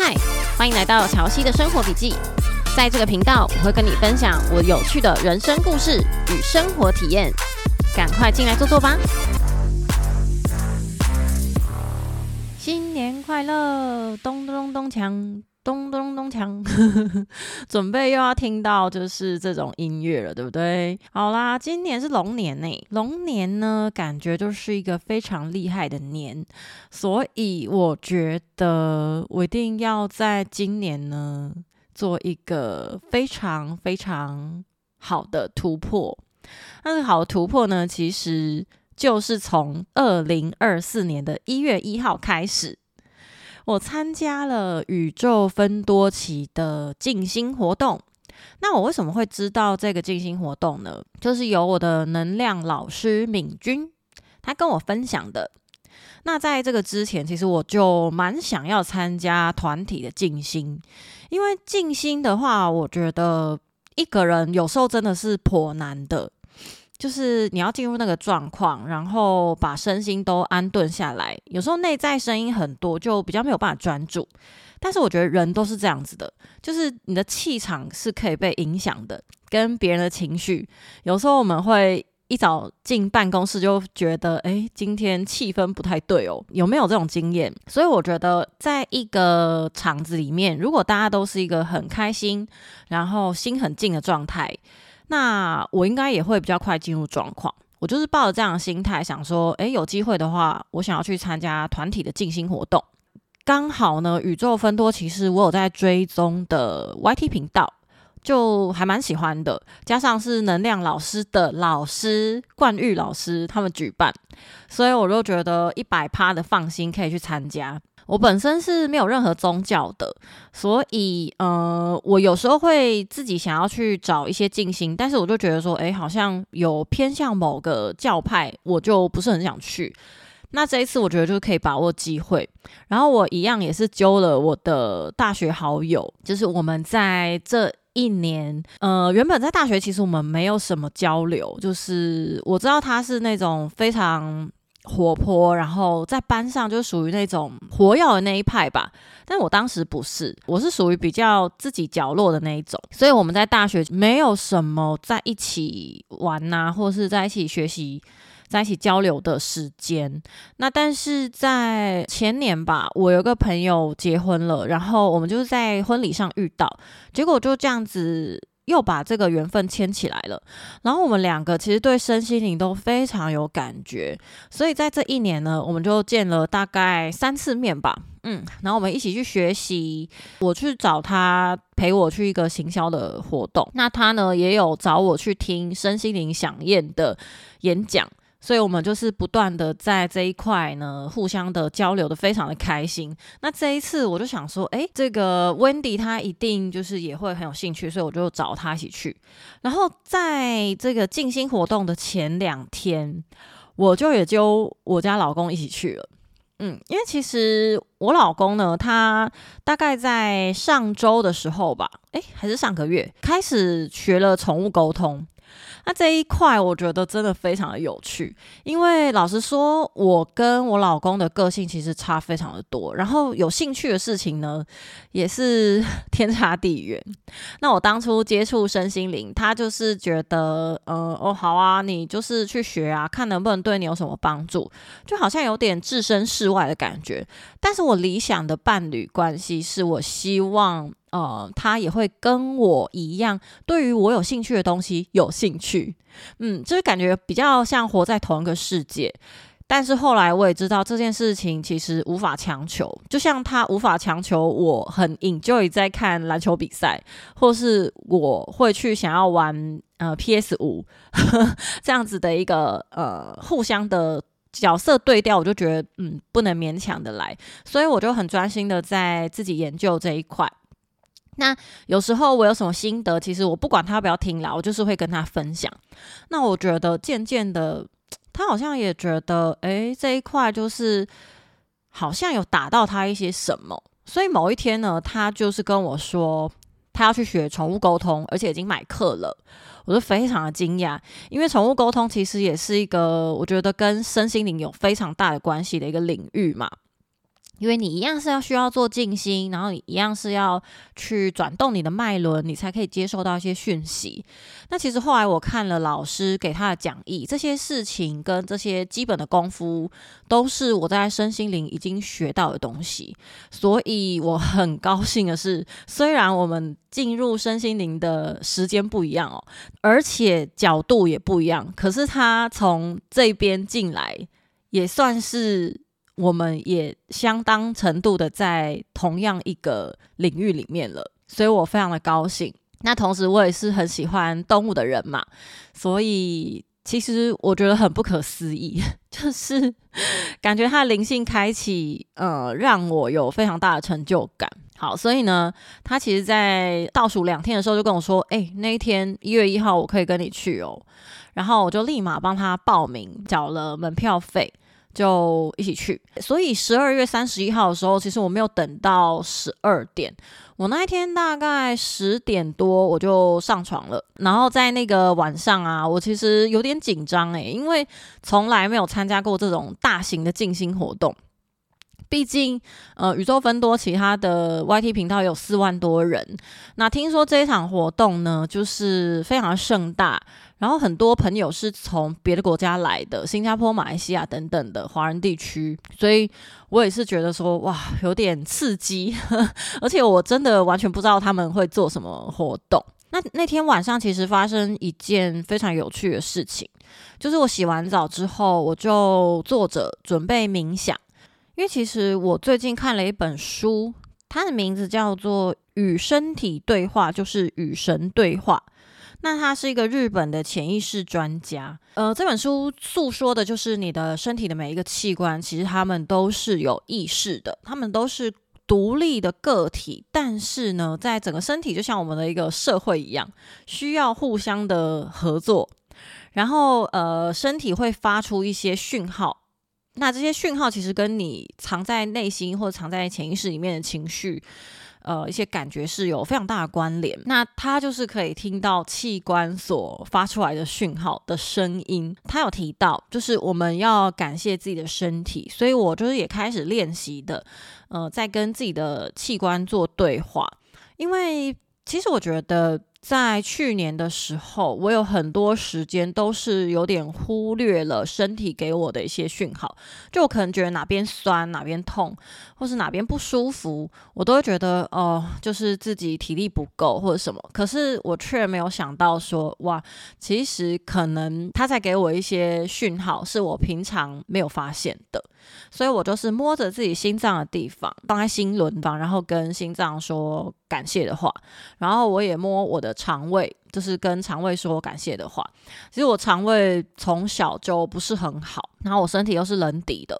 嗨，歡迎來到蕎希的生活筆記。在這個頻道，我會跟你分享我有趣的人生故事與生活體驗。趕快進來坐坐吧！新年快樂，咚咚咚咚鏘！咚咚咚鏘！ 準備又要聽到就是這種音樂了，對不對？好啦，今年是龍年呢，欸，龍年呢，感覺就是一個非常厲害的年，所以我覺得我一定要在今年呢做一個非常非常好的突破。但是，好的突破呢，其實就是從二零二四年的一月一號開始。我參加了宇宙分多奇的靜心活動，那我為什麼會知道這個靜心活動呢？就是由我的能量老師敏君，他跟我分享的。那在這個之前，其實我就蠻想要參加團體的靜心，因為靜心的話，我覺得一個人有時候真的是頗難的。就是你要進入那個狀況，然後把身心都安頓下來。有時候內在聲音很多，就比較沒有辦法專注。但是我覺得人都是這樣子的，就是你的氣場是可以被影響的，跟別人的情緒。有時候我們會一早進辦公室就覺得，哎、欸，今天氣氛不太對哦，有沒有這種經驗？所以我覺得，在一個場子裡面，如果大家都是一個很開心，然後心很靜的狀態。那我應該也會比較快進入狀況。我就是抱着這樣的心態，想說，誒，有機會的話，我想要去參加團體的靜心活動。剛好呢，宇宙分多奇其實我有在追蹤的 YT 頻道，就還蠻喜歡的。加上是能量老師的老師貫譽老師他們舉辦，所以我就覺得一百趴的放心可以去參加。我本身是沒有任何宗教的，所以呃，我有時候會自己想要去找一些靜心，但是我就覺得說，哎、欸，好像有偏向某個教派，我就不是很想去。那這一次我覺得就可以把握機會，然後我一樣也是揪了我的大學好友，就是我們在這一年，呃，原本在大學其實我們沒有什麼交流，就是我知道他是那種非常。活潑，然後在班上就屬於那種活躍的那一派吧。但我當時不是，我是屬於比較自己角落的那一種。所以我們在大學沒有什麼在一起玩吶、啊，或者是在一起學習、在一起交流的時間。那但是在前年吧，我有個朋友結婚了，然後我們就是在婚禮上遇到，結果就這樣子。又把這個緣分牽起來了，然後我們兩個其實對身心靈都非常有感覺，所以在這一年呢，我們就見了大概三次面吧，嗯，然後我們一起去學習，我去找他陪我去一個行銷的活動，那他呢也有找我去聽身心靈饗宴的演講。所以，我們就是不斷的在這一塊呢，互相的交流的，非常的開心。那這一次，我就想說，哎，這個 Wendy 她一定就是也會很有興趣，所以我就找她一起去。然後，在這個靜心活動的前兩天，我就也揪我家老公一起去了。嗯，因為其實我老公呢，他大概在上週的時候吧，哎，還是上個月，開始學了寵物溝通。那這一塊我覺得真的非常的有趣，因為老實說，我跟我老公的個性其實差非常的多，然後有興趣的事情呢也是天差地遠。那我當初接觸身心靈，他就是覺得，嗯、呃、哦，好啊，你就是去學啊，看能不能對你有什麼幫助，就好像有點置身事外的感覺。但是我理想的伴侶關係，是我希望。呃，他也會跟我一樣，對於我有興趣的東西有興趣，嗯，就是感覺比較像活在同一個世界。但是後來我也知道這件事情其實無法強求，就像他無法強求我很 enjoy 在看籃球比賽，或是我會去想要玩呃 PS5 這樣子的一個呃互相的角色對調，我就覺得嗯不能勉強的來，所以我就很專心的在自己研究這一塊。那有時候我有什麼心得，其實我不管他要不要聽啦，我就是會跟他分享。那我覺得漸漸的，他好像也覺得，哎、欸，這一塊就是好像有打到他一些什麼，所以某一天呢，他就是跟我說，他要去學寵物溝通，而且已經買課了。我就非常的驚訝，因為寵物溝通其實也是一個我覺得跟身心靈有非常大的關係的一個領域嘛。因為你一樣是要需要做靜心，然後你一樣是要去轉動你的脈輪，你才可以接受到一些訊息。那其實後來我看了老師給他的講義，這些事情跟這些基本的功夫，都是我在身心靈已經學到的東西。所以我很高興的是，雖然我們進入身心靈的時間不一樣哦，而且角度也不一樣，可是他從這邊進來也算是。我們也相當程度的在同樣一個領域裡面了，所以我非常的高興。那同時，我也是很喜歡動物的人嘛，所以其實我覺得很不可思議，就是感覺他的靈性開啟，呃，讓我有非常大的成就感。好，所以呢，他其實在倒數兩天的時候就跟我說：“欸，那一天一月一號，我可以跟你去哦。”然後我就立馬幫他報名，繳了門票費。就一起去，所以十二月三十一號的時候，其實我沒有等到十二點。我那一天大概十點多我就上床了，然後在那個晚上啊，我其實有點緊張誒、欸，因為從來沒有參加過這種大型的靜心活動。畢竟，呃，宇宙分多奇，其他的 YT 頻道有四萬多人。那聽說這一場活動呢，就是非常的盛大，然後很多朋友是從別的國家來的，新加坡、馬來西亞等等的華人地區，所以我也是覺得說，哇，有點刺激。呵呵，而且我真的完全不知道他們會做什麼活動。那那天晚上，其實發生一件非常有趣的事情，就是我洗完澡之後，我就坐着準備冥想。因為其實我最近看了一本書，它的名字叫做《與身體對話》，就是與神對話。那他是一個日本的潛意識專家。呃，這本書訴說的就是你的身體的每一個器官，其實他們都是有意識的，他們都是獨立的個體。但是呢，在整個身體就像我們的一個社會一樣，需要互相的合作。然後呃，身體會發出一些訊號。那這些訊號其實跟你藏在內心或者藏在潛意識裡面的情緒，呃，一些感覺是有非常大的關聯。那他就是可以聽到器官所發出來的訊號的聲音。他有提到，就是我們要感謝自己的身體，所以我就是也開始練習的，呃，在跟自己的器官做對話。因為其實我覺得。在去年的時候，我有很多時間都是有點忽略了身體給我的一些訊號，就我可能覺得哪邊酸哪邊痛，或是哪邊不舒服，我都會覺得哦、呃，就是自己體力不夠或者什麼。可是我卻沒有想到說，哇，其實可能他在給我一些訊號，是我平常沒有發現的。所以我就是摸着自己心臟的地方，放在心輪旁，然後跟心臟說。感謝的話，然後我也摸我的腸胃，就是跟腸胃說感謝的話。其實我腸胃從小就不是很好，然後我身體又是冷底的，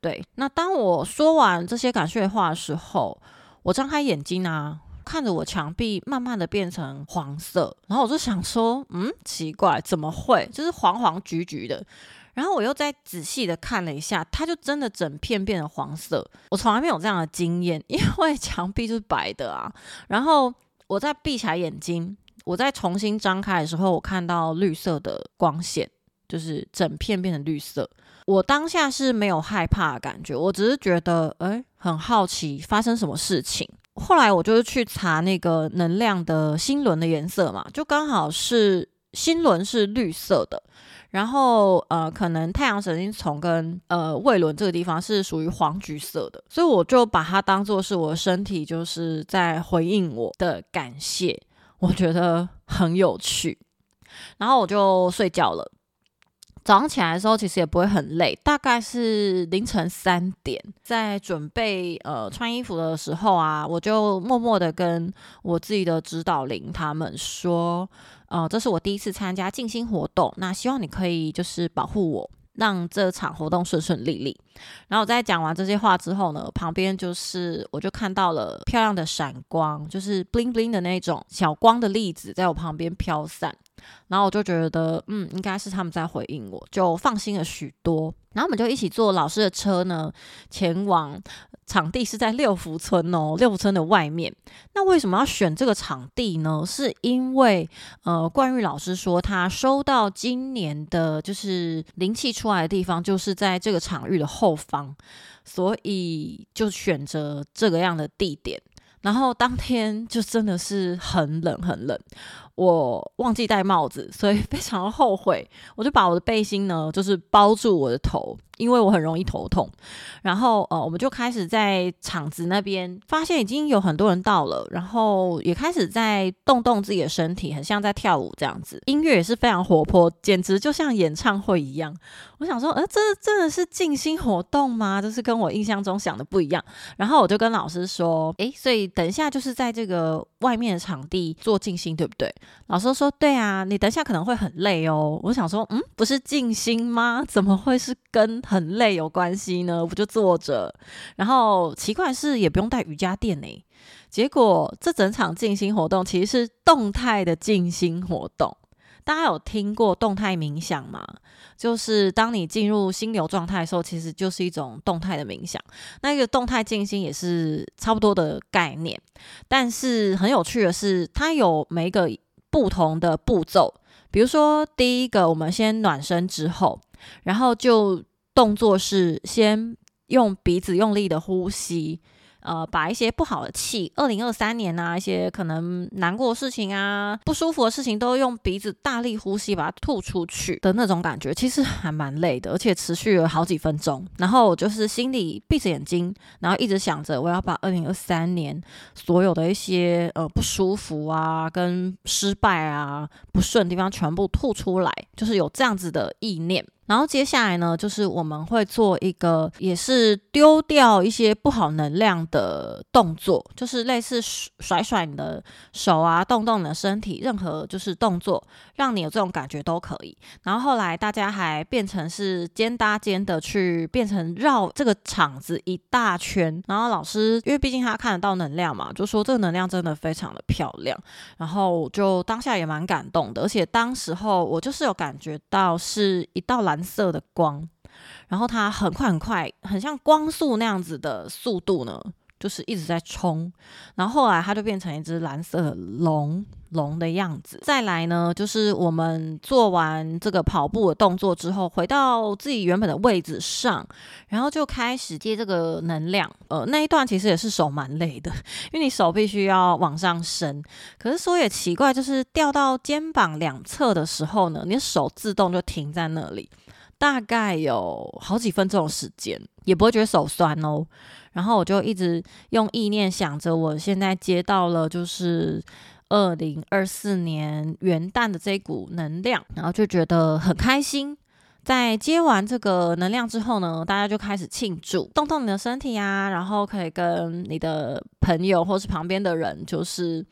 對。那當我說完這些感謝的話的時候，我張開眼睛啊，看着我牆壁慢慢的變成黃色，然後我就想說，嗯，奇怪，怎麼會就是黃黃橘橘的？然後我又再仔細的看了一下，它就真的整片變成黃色。我從來沒有這樣的經驗，因為牆壁是白的啊。然後我再閉起來眼睛，我再重新張開的時候，我看到綠色的光線，就是整片變成綠色。我當下是沒有害怕的感覺，我只是覺得誒，很好奇發生什麼事情。後來我就是去查那個能量的心輪的顏色嘛，就剛好是心輪是綠色的。然後，呃，可能太陽神經叢跟呃胃輪這個地方是屬於黃橘色的，所以我就把它當做是我的身體就是在回應我的感謝，我覺得很有趣，然後我就睡覺了。早上起來的時候，其實也不會很累，大概是凌晨三點，在準備呃穿衣服的時候啊，我就默默的跟我自己的指導靈他們說，呃，這是我第一次參加靜心活動，那希望你可以就是保護我，讓這場活動順順利利。然後我在講完這些話之後呢，旁邊就是我就看到了漂亮的閃光，就是 bling bling 的那種小光的粒子，在我旁邊飄散。然後我就覺得，嗯，應該是他們在回應我，就放心了許多。然後我們就一起坐老師的車呢，前往場地是在六福村哦，六福村的外面。那為什麼要選這個場地呢？是因為呃，貫譽老師說他收到今年的就是靈氣出來的地方，就是在這個場域的後方，所以就選擇這個樣的地點。然後當天就真的是很冷，很冷。我忘記戴帽子，所以非常後悔。我就把我的背心呢，就是包住我的頭，因為我很容易頭痛。然後呃，我們就開始在場子那邊發現已經有很多人到了，然後也開始在動動自己的身體，很像在跳舞這樣子。音樂也是非常活潑，簡直就像演唱會一樣。我想說，呃，這真的是靜心活動嗎？這是跟我印象中想的不一樣。然後我就跟老師說，哎，所以等一下就是在這個外面的場地做靜心，對不對？老師說：“對啊，你等一下可能會很累哦。”我想說：“嗯，不是靜心嗎？怎麼會是跟很累有關係呢？”我就坐着。然後奇怪是也不用帶瑜伽墊誒、欸。結果這整場靜心活動其實是動態的靜心活動。大家有聽過動態冥想嗎？就是當你進入心流狀態的時候，其實就是一種動態的冥想。那個動態靜心也是差不多的概念。但是很有趣的是，它有每一個。不同的步驟，比如說，第一個我們先暖身之後，然後就動作是先用鼻子用力的呼吸。呃，把一些不好的氣，二零二三年啊，一些可能難過的事情啊、不舒服的事情，都用鼻子大力呼吸，把它吐出去的那種感覺，其實還蠻累的，而且持續了好幾分鐘。然後我就是心裡閉着眼睛，然後一直想着，我要把二零二三年所有的一些呃不舒服啊、跟失敗啊、不順的地方全部吐出來，就是有這樣子的意念。然後接下來呢，就是我們會做一個，也是丟掉一些不好能量的動作，就是類似甩甩你的手啊，動動你的身體，任何就是動作，讓你有這種感覺都可以。然後後來大家還變成是肩搭肩的去變成繞這個場子一大圈。然後老師，因為畢竟他看得到能量嘛，就說這個能量真的非常的漂亮。然後就當下也蠻感動的，而且當時候我就是有感覺到是一道藍。色的光，然後它很快很快，很像光速那樣子的速度呢。就是一直在衝，然後後來它就變成一隻藍色龍龍的樣子。再來呢，就是我們做完這個跑步的動作之後，回到自己原本的位置上，然後就開始接這個能量。呃，那一段其實也是手蠻累的，因為你手必須要往上伸。可是說也奇怪，就是掉到肩膀兩側的時候呢，你的手自動就停在那裡。大概有好幾分鐘的時間，也不會覺得手酸哦。然後我就一直用意念想着，我現在接到了就是二零二四年元旦的這股能量，然後就覺得很開心。在接完這個能量之後呢，大家就開始慶祝，動動你的身體啊，然後可以跟你的朋友或是旁邊的人，就是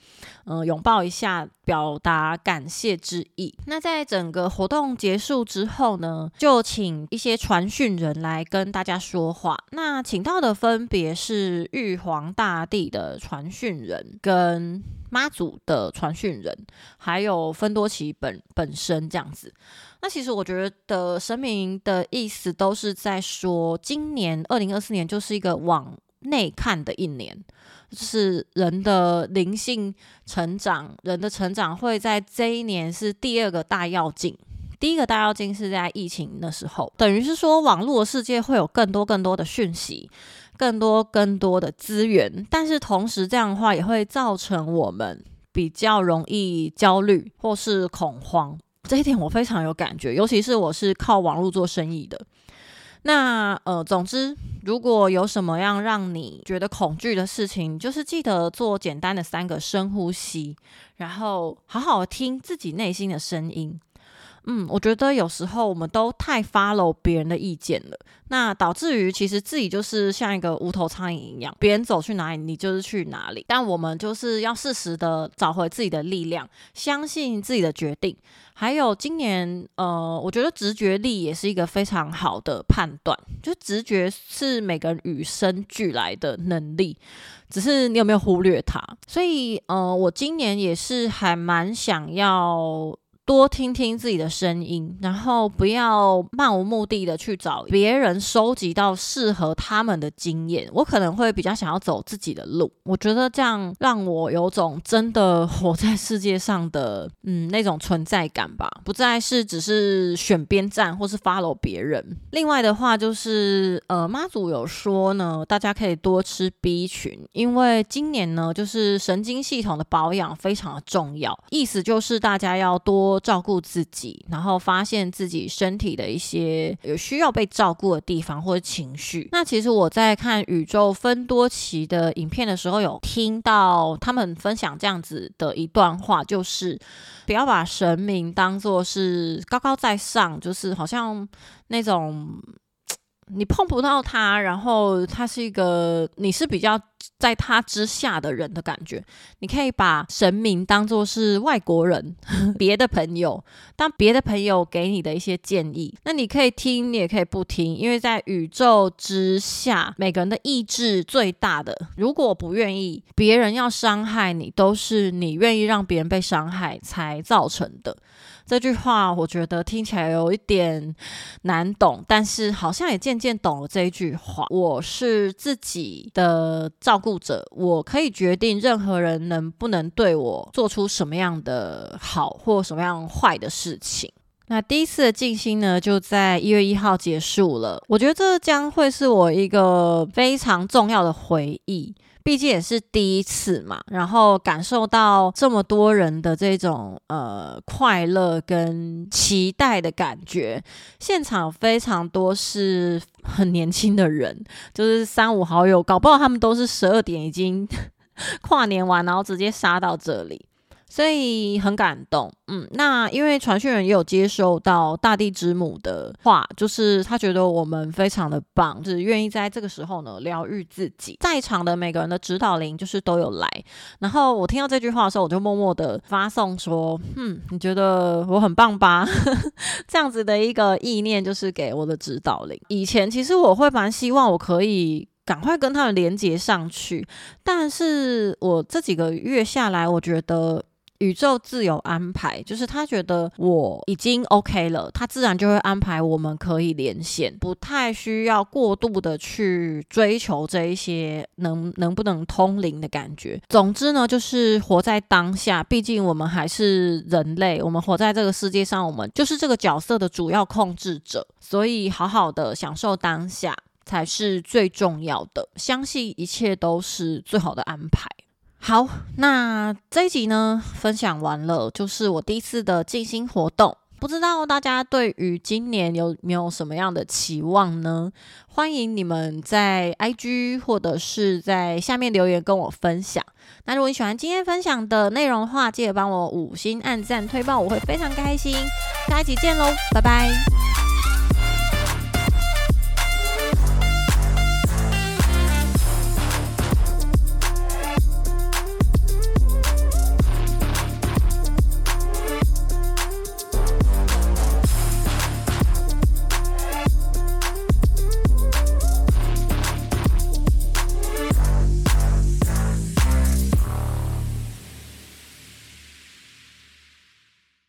嗯，呃，擁抱一下，表達感謝之意。那在整個活動結束之後呢，就請一些傳訊人來跟大家說話。那請到的分別是玉皇大帝的傳訊人，跟媽祖的傳訊人，還有分多奇本本身這樣子。那其實我覺得的神明的意思都是在說，今年二零二四年就是一個往內看的一年，就是人的靈性成長、人的成長會在這一年是第二個大躍進。第一個大躍進是在疫情的時候，等於是說網絡的世界會有更多更多的訊息、更多更多的資源，但是同時這樣的話也會造成我們比較容易焦慮或是恐慌。這一點我非常有感覺，尤其是我是靠網絡做生意的。那呃，總之，如果有什麼樣讓你覺得恐懼的事情，就是記得做簡單的三個深呼吸，然後好好聽自己內心的聲音。嗯，我覺得有時候我們都太 follow 別人的意見了，那導致於其實自己就是像一個無頭蒼蠅一樣，別人走去哪裡你就是去哪裡。但我們就是要適時的找回自己的力量，相信自己的決定。還有今年，呃，我覺得直覺力也是一個非常好的判斷，就是直覺是每個人與生俱來的能力，只是你有沒有忽略它？所以，呃，我今年也是還蠻想要。多聽聽自己的聲音，然後不要漫無目的地去找別人收集到適合他們的經驗。我可能會比較想要走自己的路，我覺得這樣讓我有種真的活在世界上的嗯，那種存在感吧，不再是只是選邊站或是 follow 別人。另外的話就是呃，媽祖有說呢，大家可以多吃 B 群，因為今年呢就是神經系統的保養非常的重要，意思就是大家要多。照顧自己，然後發現自己身體的一些有需要被照顧的地方或者情緒。那其實我在看宇宙分多奇的影片的時候，有聽到他們分享這樣子的一段話，就是不要把神明當作是高高在上，就是好像那種。你碰不到他，然後他是一個，你是比較在他之下的人的感覺。你可以把神明當做是外國人，呵呵，別的朋友，當別的朋友給你的一些建議，那你可以聽，你也可以不聽，因為在宇宙之下，每個人的意志最大的。如果不願意，別人要傷害你，都是你願意讓別人被傷害才造成的。這句話我覺得聽起來有一點難懂，但是好像也漸漸懂了這一句話。我是自己的照顧者，我可以決定任何人能不能對我做出什麼樣的好或什麼樣壞的事情。那第一次的靜心呢，就在一月一號結束了。我覺得這將會是我一個非常重要的回憶。畢竟也是第一次嘛，然後感受到這麼多人的這種，呃，快樂跟期待的感覺，現場非常多是很年輕的人，就是三五好友，搞不好他們都是十二點已經跨年完，然後直接殺到這裡。所以很感動，嗯，那因為傳訊人也有接收到大地之母的話，就是他覺得我們非常的棒，就是願意在這個時候呢療癒自己。在場的每個人的指導靈就是都有來，然後我聽到這句話的時候，我就默默的發送說：“嗯，你覺得我很棒吧？” 這樣子的一個意念就是給我的指導靈。以前其實我會蠻希望我可以趕快跟他們連接上去，但是我這幾個月下來，我覺得。宇宙自有安排，就是他覺得我已經 OK 了，他自然就會安排我們可以連線，不太需要過度的去追求這一些能能不能通靈的感覺。總之呢，就是活在當下，畢竟我們還是人類，我們活在這個世界上，我們就是這個角色的主要控制者，所以好好的享受當下才是最重要的。相信一切都是最好的安排。好，那這一集呢，分享完了，就是我第一次的靜心活動。不知道大家對於今年有沒有什麼樣的期望呢？歡迎你們在 IG 或者是在下面留言跟我分享。那如果你喜歡今天分享的內容的話，記得幫我五星按讚、推爆，我會非常開心。下一集見嘍，拜拜。